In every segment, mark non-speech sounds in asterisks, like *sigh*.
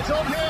is okay.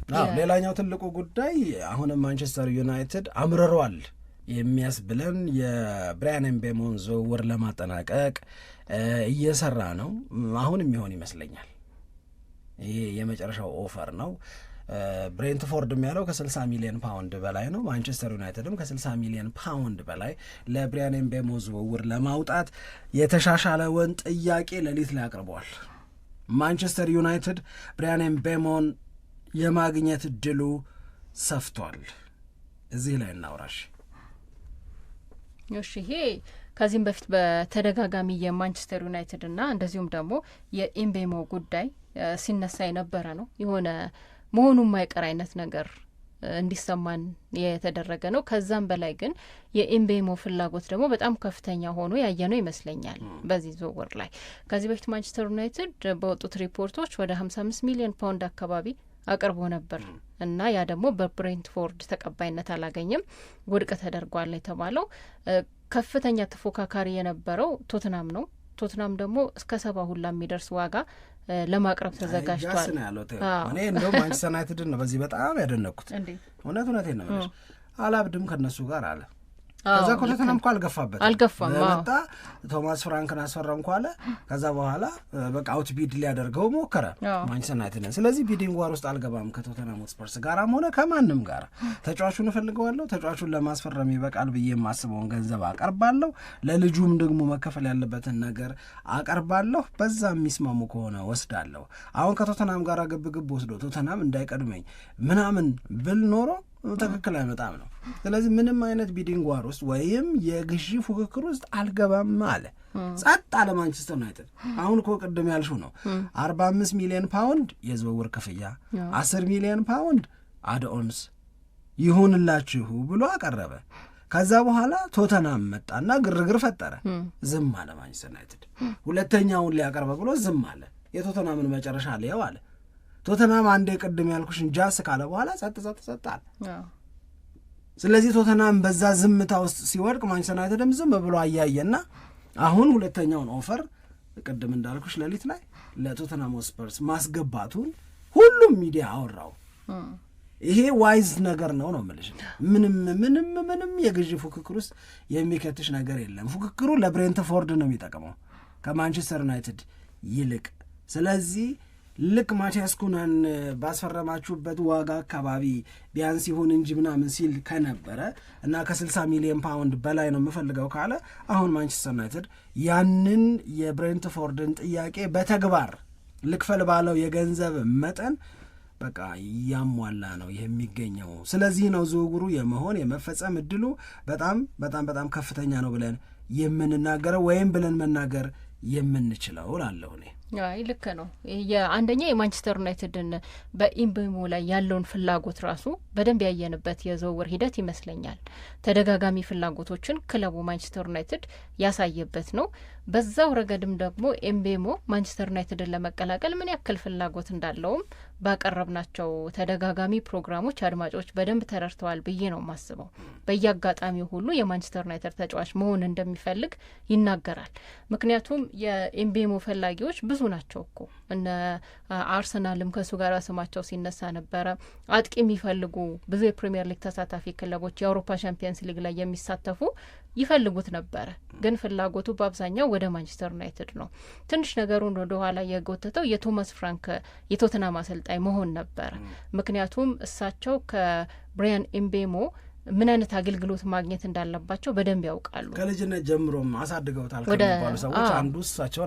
ሌላኛው ትልቁ ጉዳይ አሁንም ማንቸስተር ዩናይትድ አምርሯል የሚያስብለን የብራያን ኤምቤሞን ዝውውር ለማጠናቀቅ እየሰራ ነው። አሁን የሚሆን ይመስለኛል። ይሄ የመጨረሻው ኦፈር ነው። ብሬንትፎርድ ያለው ከ60 ሚሊዮን ፓውንድ በላይ ነው። ማንቸስተር ዩናይትድም ከ60 ሚሊዮን ፓውንድ በላይ ለብሪያን ኤምቤሞ ዝውውር ለማውጣት የተሻሻለውን ጥያቄ ሌሊት ላይ አቅርበዋል። ማንቸስተር ዩናይትድ ብሪያን ኤምቤሞን የማግኘት እድሉ ሰፍቷል። እዚህ ላይ እናውራሽ። እሺ ይሄ ከዚህም በፊት በተደጋጋሚ የማንቸስተር ዩናይትድና እንደዚሁም ደግሞ የኢምቤሞ ጉዳይ ሲነሳ የነበረ ነው። የሆነ መሆኑ የማይቀር አይነት ነገር እንዲሰማን የተደረገ ነው። ከዛም በላይ ግን የኢምቤሞ ፍላጎት ደግሞ በጣም ከፍተኛ ሆኖ ያየነው ይመስለኛል በዚህ ዝውውር ላይ ከዚህ በፊት ማንቸስተር ዩናይትድ በወጡት ሪፖርቶች ወደ ሀምሳ አምስት ሚሊዮን ፓውንድ አካባቢ አቅርቦ ነበር እና ያ ደግሞ በብሬንትፎርድ ተቀባይነት አላገኘም። ውድቅ ተደርጓል የተባለው ከፍተኛ ተፎካካሪ የነበረው ቶትናም ነው። ቶትናም ደግሞ እስከ ሰባ ሁላ የሚደርስ ዋጋ ለማቅረብ ተዘጋጅቷል። እኔ እንደውም ማንቸስተር ዩናይትድን ነው በዚህ በጣም ያደነኩት። እውነት እውነቴን ነው አላብድም ከነሱ ጋር አለ ከዛ እኮ ቶተንሃም አልገፋበት አልገፋም ቶማስ ፍራንክን አስፈረም ኳለ አለ። ከዛ በኋላ በቃ አውት ቢድ ሊያደርገው ሞከረ ማንቸስተር ዩናይትድን። ስለዚህ ቢዲንግ ዋር ውስጥ አልገባም ከቶተናም ስፐርስ ጋራም ሆነ ከማንም ጋር። ተጫዋቹን እፈልገዋለሁ፣ ተጫዋቹን ለማስፈረም ይበቃል ብዬ የማስበውን ገንዘብ አቀርባለሁ፣ ለልጁም ደግሞ መከፈል ያለበትን ነገር አቀርባለሁ። በዛ የሚስማሙ ከሆነ ወስዳለሁ። አሁን ከቶተናም ጋር ግብግብ ወስዶ ቶተናም እንዳይቀድመኝ ምናምን ብል ኖሮ ትክክል በጣም ነው። ስለዚህ ምንም አይነት ቢዲንግ ዋር ውስጥ ወይም የግዢ ፉክክር ውስጥ አልገባም አለ። ጸጥ አለ ማንቸስተር ዩናይትድ። አሁን እኮ ቅድም ያልሹ ነው አርባ አምስት ሚሊዮን ፓውንድ የዝውውር ክፍያ አስር ሚሊዮን ፓውንድ አድኦንስ ይሁንላችሁ ብሎ አቀረበ። ከዛ በኋላ ቶተናም መጣና ግርግር ፈጠረ። ዝም አለ ማንቸስተር ዩናይትድ። ሁለተኛውን ሊያቀርበ ብሎ ዝም አለ። የቶተናምን መጨረሻ ሊየው አለ ቶተናም አንዴ ቅድም ያልኩሽን ጃስ ካለ በኋላ ጸጥ ጸጥ ጸጥ ስለዚህ ቶተናም በዛ ዝምታ ውስጥ ሲወድቅ ማንቸስተር ዩናይትድም ዝም ብሎ አያየና አሁን ሁለተኛውን ኦፈር ቅድም እንዳልኩሽ ሌሊት ላይ ለቶተናም ስፐርስ ማስገባቱን ሁሉም ሚዲያ አወራው። ይሄ ዋይዝ ነገር ነው ነው የምልሽ። ምንም ምንም ምንም የግዢ ፉክክር ውስጥ የሚከትሽ ነገር የለም። ፉክክሩ ለብሬንትፎርድ ነው የሚጠቅመው ከማንቸስተር ዩናይትድ ይልቅ ስለዚህ ልክ ማቲያስ ኩናን ባስፈረማችሁበት ዋጋ አካባቢ ቢያንስ ይሁን እንጂ ምናምን ሲል ከነበረ እና ከ60 ሚሊዮን ፓውንድ በላይ ነው የምፈልገው ካለ አሁን ማንቸስተር ዩናይትድ ያንን የብሬንትፎርድን ጥያቄ በተግባር ልክፈል ባለው የገንዘብ መጠን በቃ እያሟላ ነው የሚገኘው። ስለዚህ ነው ዝውውሩ የመሆን የመፈጸም እድሉ በጣም በጣም በጣም ከፍተኛ ነው ብለን የምንናገረው ወይም ብለን መናገር የምንችለው ላለሁ እኔ አይ ልክ ነው። አንደኛ የማንቸስተር ዩናይትድን በኢምቤሞ ላይ ያለውን ፍላጎት ራሱ በደንብ ያየንበት የዝውውር ሂደት ይመስለኛል። ተደጋጋሚ ፍላጎቶችን ክለቡ ማንቸስተር ዩናይትድ ያሳየበት ነው። በዛው ረገድም ደግሞ ኤምቤሞ ማንቸስተር ዩናይትድን ለመቀላቀል ምን ያክል ፍላጎት እንዳለውም ባቀረብናቸው ተደጋጋሚ ፕሮግራሞች አድማጮች በደንብ ተረድተዋል ብዬ ነው የማስበው። በየአጋጣሚው ሁሉ የማንቸስተር ዩናይትድ ተጫዋች መሆን እንደሚፈልግ ይናገራል። ምክንያቱም የኤምቤሞ ፈላጊዎች ብዙ ናቸው እኮ እነ አርሰናልም ከእሱ ጋር ስማቸው ሲነሳ ነበረ። አጥቂ የሚፈልጉ ብዙ የፕሪምየር ሊግ ተሳታፊ ክለቦች፣ የአውሮፓ ሻምፒየንስ ሊግ ላይ የሚሳተፉ ይፈልጉት ነበረ። ግን ፍላጎቱ በአብዛኛው ወደ ማንቸስተር ዩናይትድ ነው። ትንሽ ነገሩን ወደኋላ የጎተተው የቶማስ ፍራንክ የቶትናም አሰልጣኝ መሆን ነበረ። ምክንያቱም እሳቸው ከብሪያን ኤምቤሞ ምን አይነት አገልግሎት ማግኘት እንዳለባቸው በደንብ ያውቃሉ። ከልጅነት ጀምሮም አሳድገውታል ከሚባሉ ሰዎች አንዱ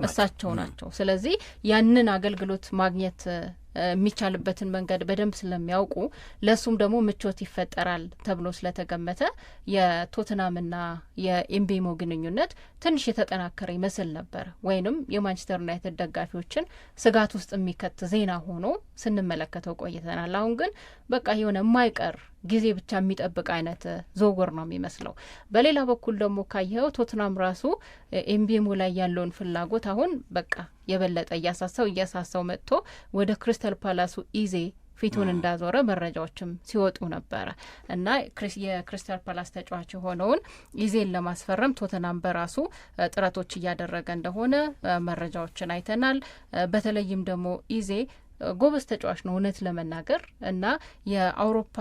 እሳቸው ናቸው። ስለዚህ ያንን አገልግሎት ማግኘት የሚቻልበትን መንገድ በደንብ ስለሚያውቁ ለእሱም ደግሞ ምቾት ይፈጠራል ተብሎ ስለተገመተ የቶትናምና የኤምቤሞ ግንኙነት ትንሽ የተጠናከረ ይመስል ነበር፣ ወይንም የማንቸስተር ዩናይትድ ደጋፊዎችን ስጋት ውስጥ የሚከት ዜና ሆኖ ስንመለከተው ቆይተናል። አሁን ግን በቃ የሆነ የማይቀር ጊዜ ብቻ የሚጠብቅ አይነት ዝውውር ነው የሚመስለው። በሌላ በኩል ደግሞ ካየኸው ቶትናም ራሱ ኤምቤሞ ላይ ያለውን ፍላጎት አሁን በቃ የበለጠ እያሳሳው እያሳሰው መጥቶ ወደ ክሪስታል ፓላሱ ኢዜ ፊቱን እንዳዞረ መረጃዎችም ሲወጡ ነበረ እና የክሪስታል ፓላስ ተጫዋች የሆነውን ኢዜን ለማስፈረም ቶተናም በራሱ ጥረቶች እያደረገ እንደሆነ መረጃዎችን አይተናል። በተለይም ደግሞ ኢዜ ጎበዝ ተጫዋች ነው እውነት ለመናገር እና የአውሮፓ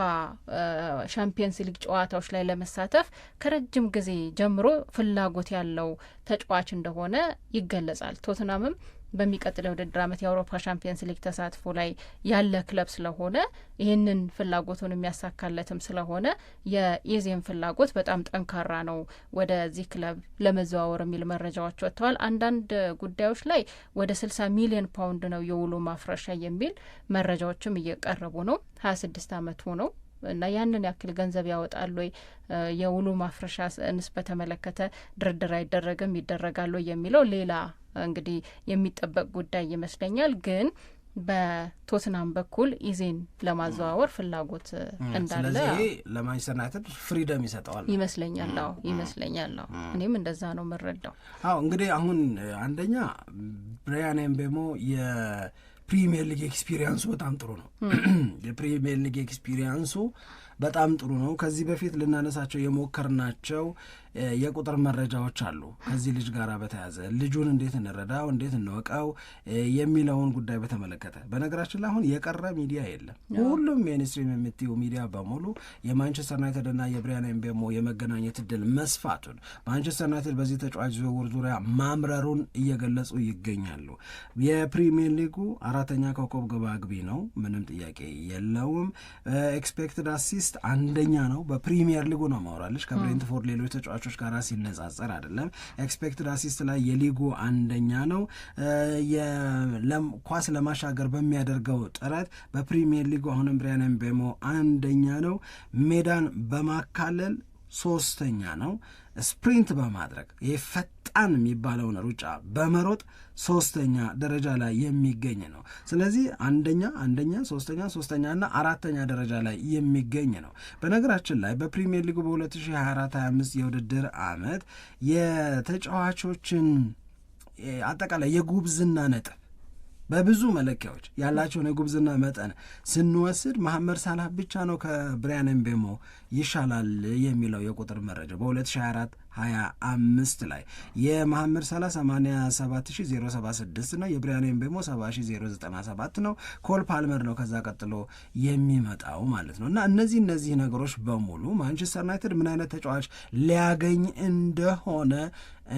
ሻምፒየንስ ሊግ ጨዋታዎች ላይ ለመሳተፍ ከረጅም ጊዜ ጀምሮ ፍላጎት ያለው ተጫዋች እንደሆነ ይገለጻል። ቶትናምም በሚቀጥለው የውድድር ዓመት የአውሮፓ ሻምፒየንስ ሊግ ተሳትፎ ላይ ያለ ክለብ ስለሆነ ይህንን ፍላጎቱን የሚያሳካለትም ስለሆነ የኢዜም ፍላጎት በጣም ጠንካራ ነው ወደዚህ ክለብ ለመዘዋወር የሚል መረጃዎች ወጥተዋል። አንዳንድ ጉዳዮች ላይ ወደ ስልሳ ሚሊዮን ፓውንድ ነው የውሉ ማፍረሻ የሚል መረጃዎችም እየቀረቡ ነው። ሀያ ስድስት አመቱ ነው። እና ያንን ያክል ገንዘብ ያወጣል ወይ የውሉ ማፍረሻ ንስ በተመለከተ ድርድር አይደረግም ይደረጋል ወይ የሚለው ሌላ እንግዲህ የሚጠበቅ ጉዳይ ይመስለኛል ግን በቶትናም በኩል ኢዜን ለማዘዋወር ፍላጎት እንዳለ ስለዚህ ለማንቸስተር ዩናይትድ ፍሪደም ይሰጠዋል ይመስለኛል። አዎ ይመስለኛል። አዎ እኔም እንደዛ ነው የምረዳው። አዎ እንግዲህ አሁን አንደኛ ብሪያን ኤምቤሞ ፕሪሚየር ሊግ ኤክስፒሪየንሱ በጣም ጥሩ ነው። *clears throat* የፕሪሚየር ሊግ ኤክስፒሪየንሱ በጣም ጥሩ ነው። ከዚህ በፊት ልናነሳቸው የሞከርናቸው የቁጥር መረጃዎች አሉ። ከዚህ ልጅ ጋር በተያዘ ልጁን እንዴት እንረዳው፣ እንዴት እንወቀው የሚለውን ጉዳይ በተመለከተ በነገራችን ላይ አሁን የቀረ ሚዲያ የለም። ሁሉም ሜንስትሪም የምትይው ሚዲያ በሙሉ የማንቸስተር ዩናይትድ እና የብሪያን ኤምቤሞ የመገናኘት እድል መስፋቱን ማንቸስተር ዩናይትድ በዚህ ተጫዋች ዝውውር ዙሪያ ማምረሩን እየገለጹ ይገኛሉ። የፕሪሚየር ሊጉ አራተኛ ኮከብ ግባግቢ ነው፣ ምንም ጥያቄ የለውም። ኤክስፔክትድ አሲስ አሲስት አንደኛ ነው በፕሪሚየር ሊጉ ነው ማውራለች። ከብሬንትፎርድ ሌሎች ተጫዋቾች ጋር ሲነጻጸር አይደለም። ኤክስፔክትድ አሲስት ላይ የሊጉ አንደኛ ነው። ኳስ ለማሻገር በሚያደርገው ጥረት በፕሪሚየር ሊጉ አሁንም ብሪያን ምቤሞ አንደኛ ነው። ሜዳን በማካለል ሶስተኛ ነው። ስፕሪንት በማድረግ ይህ ፈጣን የሚባለውን ሩጫ በመሮጥ ሶስተኛ ደረጃ ላይ የሚገኝ ነው። ስለዚህ አንደኛ፣ አንደኛ፣ ሶስተኛ፣ ሶስተኛ እና አራተኛ ደረጃ ላይ የሚገኝ ነው። በነገራችን ላይ በፕሪሚየር ሊጉ በ2024/25 የውድድር ዓመት የተጫዋቾችን አጠቃላይ የጉብዝና ነጥብ በብዙ መለኪያዎች ያላቸውን የጉብዝና መጠን ስንወስድ መሐመድ ሳላህ ብቻ ነው ከብሪያን ኤምቤሞ ይሻላል የሚለው የቁጥር መረጃ በ2024 25 ላይ የመሐመድ ሳላህ 87076 ነው። የብሪያን ኤምቤሞ 70097 ነው። ኮል ፓልመር ነው ከዛ ቀጥሎ የሚመጣው ማለት ነው። እና እነዚህ እነዚህ ነገሮች በሙሉ ማንቸስተር ዩናይትድ ምን አይነት ተጫዋች ሊያገኝ እንደሆነ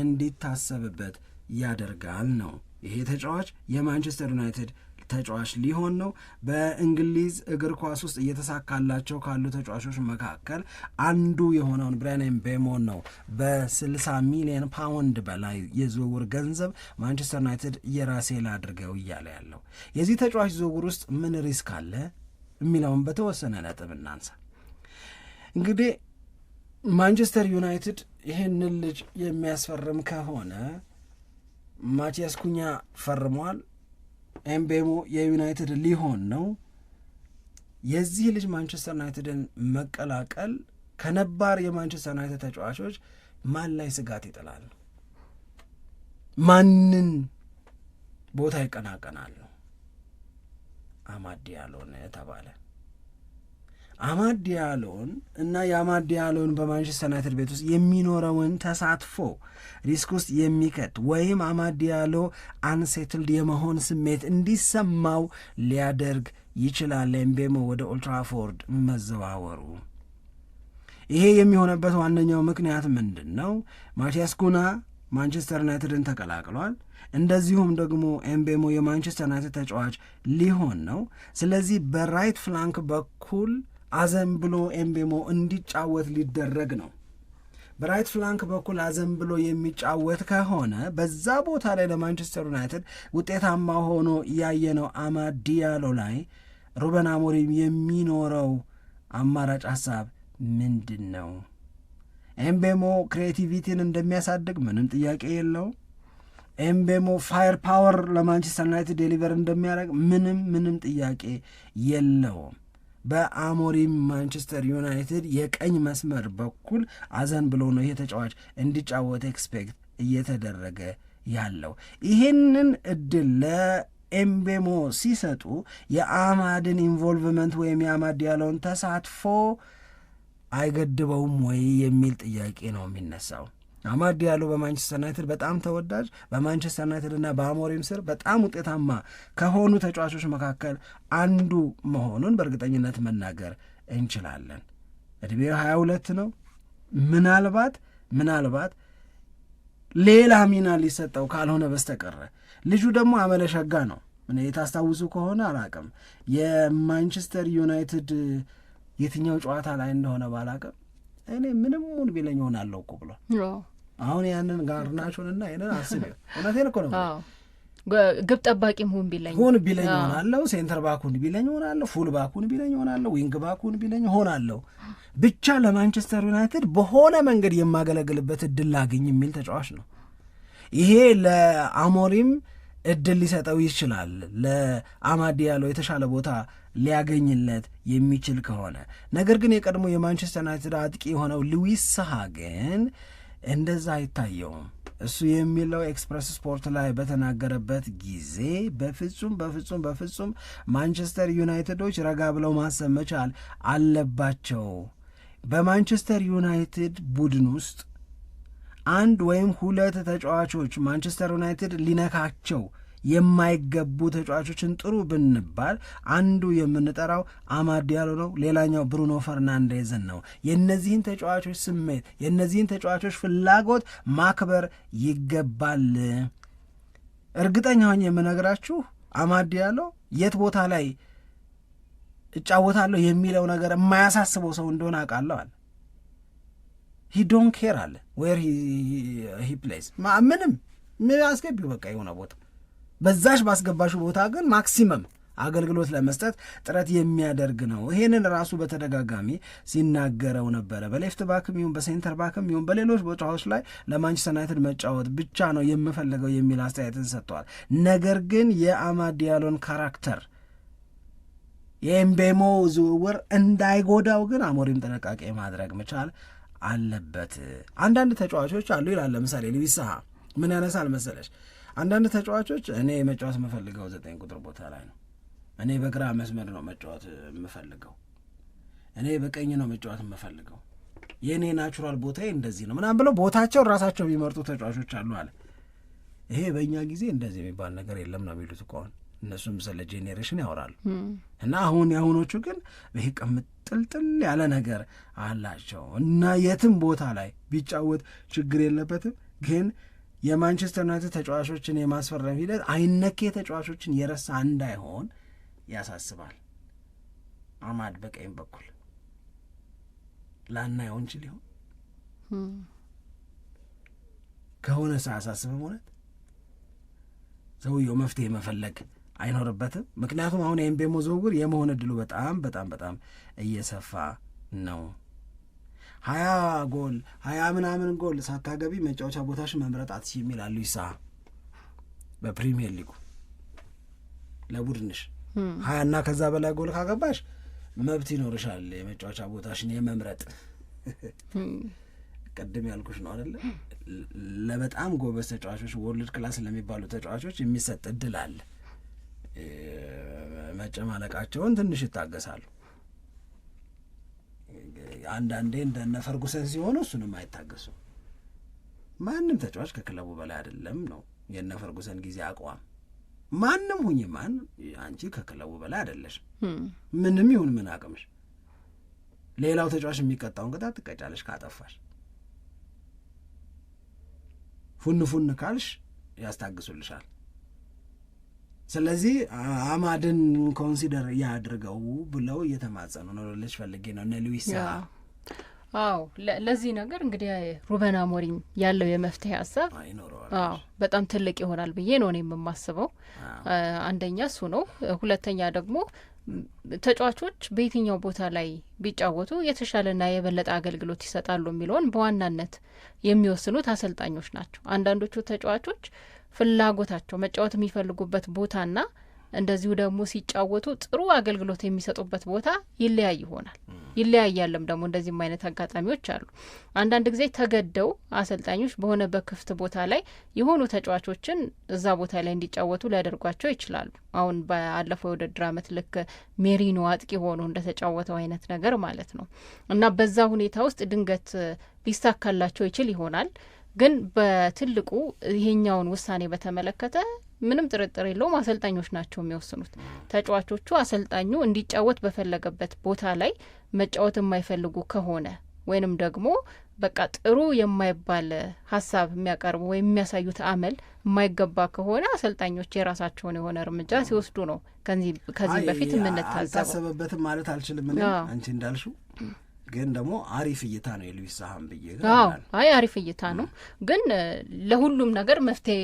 እንዲታሰብበት ያደርጋል ነው ይሄ ተጫዋች የማንቸስተር ዩናይትድ ተጫዋች ሊሆን ነው። በእንግሊዝ እግር ኳስ ውስጥ እየተሳካላቸው ካሉ ተጫዋቾች መካከል አንዱ የሆነውን ብራያን ምቤሞን ነው በ60 ሚሊዮን ፓውንድ በላይ የዝውውር ገንዘብ ማንቸስተር ዩናይትድ የራሴ ላድርገው እያለ ያለው የዚህ ተጫዋች ዝውውር ውስጥ ምን ሪስክ አለ የሚለውን በተወሰነ ነጥብ እናንሳ። እንግዲህ ማንቸስተር ዩናይትድ ይህንን ልጅ የሚያስፈርም ከሆነ ማቲያስ ኩኛ ፈርሟል። ኤምቤሞ የዩናይትድ ሊሆን ነው። የዚህ ልጅ ማንቸስተር ዩናይትድን መቀላቀል ከነባር የማንቸስተር ዩናይትድ ተጫዋቾች ማን ላይ ስጋት ይጥላል? ማንን ቦታ ይቀናቀናል? አማድ ያለሆነ ተባለ። አማድ ያለውን እና የአማድ ያለውን በማንቸስተር ዩናይትድ ቤት ውስጥ የሚኖረውን ተሳትፎ ሪስክ ውስጥ የሚከት ወይም አማድ ያለው አንሴትልድ የመሆን ስሜት እንዲሰማው ሊያደርግ ይችላል ኤምቤሞ ወደ ኦልትራፎርድ መዘዋወሩ። ይሄ የሚሆነበት ዋነኛው ምክንያት ምንድን ነው? ማቲያስ ኩና ማንቸስተር ዩናይትድን ተቀላቅሏል። እንደዚሁም ደግሞ ኤምቤሞ የማንቸስተር ዩናይትድ ተጫዋች ሊሆን ነው። ስለዚህ በራይት ፍላንክ በኩል አዘን ብሎ ኤምቤሞ እንዲጫወት ሊደረግ ነው። በራይት ፍላንክ በኩል አዘን ብሎ የሚጫወት ከሆነ በዛ ቦታ ላይ ለማንቸስተር ዩናይትድ ውጤታማ ሆኖ ያየነው አማድ ዲያሎ ላይ ሩበን አሞሪም የሚኖረው አማራጭ ሀሳብ ምንድን ነው? ኤምቤሞ ክሬቲቪቲን እንደሚያሳድግ ምንም ጥያቄ የለው። ኤምቤሞ ፋየር ፓወር ለማንቸስተር ዩናይትድ ዴሊቨር እንደሚያደርግ ምንም ምንም ጥያቄ የለውም። በአሞሪም ማንቸስተር ዩናይትድ የቀኝ መስመር በኩል አዘን ብሎ ነው ይሄ ተጫዋች እንዲጫወት ኤክስፔክት እየተደረገ ያለው። ይህንን እድል ለኤምቤሞ ሲሰጡ የአማድን ኢንቮልቭመንት ወይም የአማድ ያለውን ተሳትፎ አይገድበውም ወይ የሚል ጥያቄ ነው የሚነሳው። አማድ ያለው በማንቸስተር ዩናይትድ በጣም ተወዳጅ በማንቸስተር ዩናይትድና በአሞሪም ስር በጣም ውጤታማ ከሆኑ ተጫዋቾች መካከል አንዱ መሆኑን በእርግጠኝነት መናገር እንችላለን። እድሜው ሀያ ሁለት ነው። ምናልባት ምናልባት ሌላ ሚና ሊሰጠው ካልሆነ በስተቀረ ልጁ ደግሞ አመለሸጋ ነው። የታስታውሱ ከሆነ አላቅም የማንቸስተር ዩናይትድ የትኛው ጨዋታ ላይ እንደሆነ ባላቅም እኔ ምንም ሙን ቢለኝ ሆናለሁ እኮ ብሏል። አሁን ያንን ጋርናቾን እና ይንን አስብ። እውነቴን እኮ ነው። ግብ ጠባቂም ሁን ቢለኝ ሁን ቢለኝ ሆናለሁ፣ ሴንተር ባኩን ቢለኝ ሆናለሁ፣ ፉል ባኩን ቢለኝ ሆናለሁ፣ ዊንግ ባኩን ቢለኝ ሆናለሁ። ብቻ ለማንቸስተር ዩናይትድ በሆነ መንገድ የማገለግልበት እድል ላገኝ የሚል ተጫዋች ነው። ይሄ ለአሞሪም እድል ሊሰጠው ይችላል። ለአማዲ ያለው የተሻለ ቦታ ሊያገኝለት የሚችል ከሆነ ነገር ግን የቀድሞ የማንቸስተር ዩናይትድ አጥቂ የሆነው ሉዊስ ሳሃ ግን እንደዛ አይታየውም። እሱ የሚለው ኤክስፕረስ ስፖርት ላይ በተናገረበት ጊዜ በፍጹም በፍጹም በፍጹም ማንቸስተር ዩናይትዶች ረጋ ብለው ማሰብ መቻል አለባቸው። በማንቸስተር ዩናይትድ ቡድን ውስጥ አንድ ወይም ሁለት ተጫዋቾች ማንቸስተር ዩናይትድ ሊነካቸው የማይገቡ ተጫዋቾችን ጥሩ ብንባል አንዱ የምንጠራው አማድ ዲያሎ ነው፣ ሌላኛው ብሩኖ ፈርናንዴዝን ነው። የእነዚህን ተጫዋቾች ስሜት የእነዚህን ተጫዋቾች ፍላጎት ማክበር ይገባል። እርግጠኛ ሆኜ የምነግራችሁ አማድ ዲያሎ የት ቦታ ላይ እጫወታለሁ የሚለው ነገር የማያሳስበው ሰው እንደሆነ አውቃለሁ አለ ሂ ዶን ኬር አለ ዌር ሂ ፕሌይስ ምንም አስገቢው በቃ የሆነ ቦታ በዛሽ ባስገባሹ ቦታ ግን ማክሲመም አገልግሎት ለመስጠት ጥረት የሚያደርግ ነው። ይሄንን ራሱ በተደጋጋሚ ሲናገረው ነበረ። በሌፍት ባክም ይሁን በሴንተር ባክም ይሁን በሌሎች ቦታዎች ላይ ለማንቸስተር ዩናይትድ መጫወት ብቻ ነው የምፈልገው የሚል አስተያየትን ሰጥተዋል። ነገር ግን የአማድ ካራክተር የኤምቤሞ ዝውውር እንዳይጎዳው ግን አሞሪም ጥንቃቄ ማድረግ መቻል አለበት። አንዳንድ ተጫዋቾች አሉ ይላል። ለምሳሌ ሉዊስ ምን ያነሳል መሰለሽ አንዳንድ ተጫዋቾች እኔ መጫወት የምፈልገው ዘጠኝ ቁጥር ቦታ ላይ ነው፣ እኔ በግራ መስመር ነው መጫወት የምፈልገው፣ እኔ በቀኝ ነው መጫወት የምፈልገው፣ የእኔ ናቹራል ቦታ እንደዚህ ነው ምናምን ብለው ቦታቸውን ራሳቸው የሚመርጡ ተጫዋቾች አሉ አለ። ይሄ በእኛ ጊዜ እንደዚህ የሚባል ነገር የለም ነው የሚሉት እኮ እነሱም ስለ ጄኔሬሽን ያወራሉ እና አሁን የአሁኖቹ ግን ይህ ቅምጥልጥል ያለ ነገር አላቸው እና የትም ቦታ ላይ ቢጫወት ችግር የለበትም ግን የማንቸስተር ዩናይትድ ተጫዋቾችን የማስፈረም ሂደት አይነኬ ተጫዋቾችን የረሳ እንዳይሆን ያሳስባል። አማድ በቀኝ በኩል ላናየው እንችል ይሆን ከሆነ ሰ አሳስብም። እውነት ሰውየው መፍትሄ መፈለግ አይኖርበትም። ምክንያቱም አሁን የኤምቤሞ ዝውውር የመሆን እድሉ በጣም በጣም በጣም እየሰፋ ነው። ሀያ ጎል ሀያ ምናምን ጎል ሳታገቢ መጫወቻ ቦታሽ መምረጥ አትችይም የሚላሉ ይሳ በፕሪሚየር ሊጉ ለቡድንሽ ሀያ ሀያና ከዛ በላይ ጎል ካገባሽ መብት ይኖርሻል የመጫወቻ ቦታሽን የመምረጥ። ቅድም ያልኩሽ ነው አደለ? ለበጣም ጎበዝ ተጫዋቾች ወርልድ ክላስ ለሚባሉ ተጫዋቾች የሚሰጥ እድል አለ። መጨማለቃቸውን ትንሽ ይታገሳሉ። አንዳንዴ እንደነ ፈርጉሰን ሲሆኑ እሱንም አይታገሱም። ማንም ተጫዋች ከክለቡ በላይ አይደለም ነው የነ ፈርጉሰን ጊዜ አቋም። ማንም ሁኝ ማን አንቺ ከክለቡ በላይ አይደለሽ። ምንም ይሁን ምን አቅምሽ፣ ሌላው ተጫዋች የሚቀጣውን ቅጣት ትቀጫለሽ ካጠፋሽ። ፉን ፉን ካልሽ ያስታግሱልሻል። ስለዚህ አማድን ኮንሲደር እያድርገው ብለው እየተማጸኑ ነው ልጅ ፈልጌ ነው እነ አዎ ለዚህ ነገር እንግዲህ ሩበን አሞሪም ያለው የመፍትሄ ሀሳብ አዎ በጣም ትልቅ ይሆናል ብዬ ነው የምማስበው አንደኛ እሱ ነው። ሁለተኛ ደግሞ ተጫዋቾች በየትኛው ቦታ ላይ ቢጫወቱ የተሻለና የበለጠ አገልግሎት ይሰጣሉ የሚለውን በዋናነት የሚወስኑት አሰልጣኞች ናቸው። አንዳንዶቹ ተጫዋቾች ፍላጎታቸው መጫወት የሚፈልጉበት ቦታና እንደዚሁ ደግሞ ሲጫወቱ ጥሩ አገልግሎት የሚሰጡበት ቦታ ይለያይ ይሆናል ይለያያለም። ደግሞ እንደዚህም አይነት አጋጣሚዎች አሉ። አንዳንድ ጊዜ ተገደው አሰልጣኞች በሆነ በክፍት ቦታ ላይ የሆኑ ተጫዋቾችን እዛ ቦታ ላይ እንዲጫወቱ ሊያደርጓቸው ይችላሉ። አሁን ባለፈው የውድድር ዓመት ልክ ሜሪኖ አጥቂ ሆኖ እንደተጫወተው አይነት ነገር ማለት ነው እና በዛ ሁኔታ ውስጥ ድንገት ሊሳካላቸው ይችል ይሆናል ግን በትልቁ ይሄኛውን ውሳኔ በተመለከተ ምንም ጥርጥር የለውም አሰልጣኞች ናቸው የሚወስኑት። ተጫዋቾቹ አሰልጣኙ እንዲጫወት በፈለገበት ቦታ ላይ መጫወት የማይፈልጉ ከሆነ ወይንም ደግሞ በቃ ጥሩ የማይባል ሀሳብ የሚያቀርቡ ወይም የሚያሳዩት አመል የማይገባ ከሆነ አሰልጣኞች የራሳቸውን የሆነ እርምጃ ሲወስዱ ነው ከዚህ በፊት የምንታዘበው። አልታሰበበትም ማለት አልችልም። አንቺ እንዳልሹ ግን ደግሞ አሪፍ እይታ ነው የሉዊስ ዛሀም ብዬ አይ አሪፍ እይታ ነው። ግን ለሁሉም ነገር መፍትሄ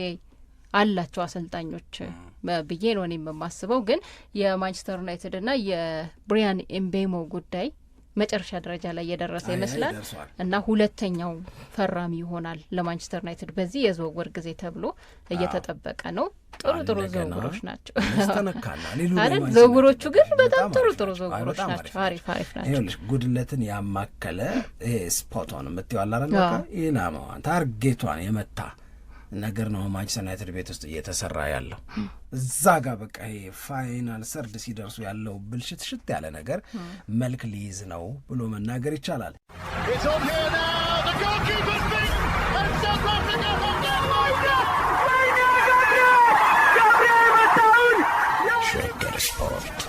አላቸው አሰልጣኞች ብዬ ነው እኔም የማስበው። ግን የማንቸስተር ዩናይትድ ና የብሪያን ኤምቤሞ ጉዳይ መጨረሻ ደረጃ ላይ እየደረሰ ይመስላል እና ሁለተኛው ፈራሚ ይሆናል ለማንቸስተር ዩናይትድ በዚህ የዝውውር ጊዜ ተብሎ እየተጠበቀ ነው። ጥሩ ጥሩ ዝውውሮች ናቸው አይደል? ዝውውሮቹ ግን በጣም ጥሩ ጥሩ ዝውውሮች ናቸው። አሪፍ አሪፍ ናቸው። ጉድለትን ያማከለ ስፖቷን የምትዋላረ አረ ኢላማዋን ታርጌቷን የመታ ነገር ነው ማንቸስተር ዩናይትድ ቤት ውስጥ እየተሰራ ያለው እዛ ጋር በቃ ይሄ ፋይናል ሰርድ ሲደርሱ ያለው ብልሽት ሽት ያለ ነገር መልክ ሊይዝ ነው ብሎ መናገር ይቻላል። ሸገር ስፖርት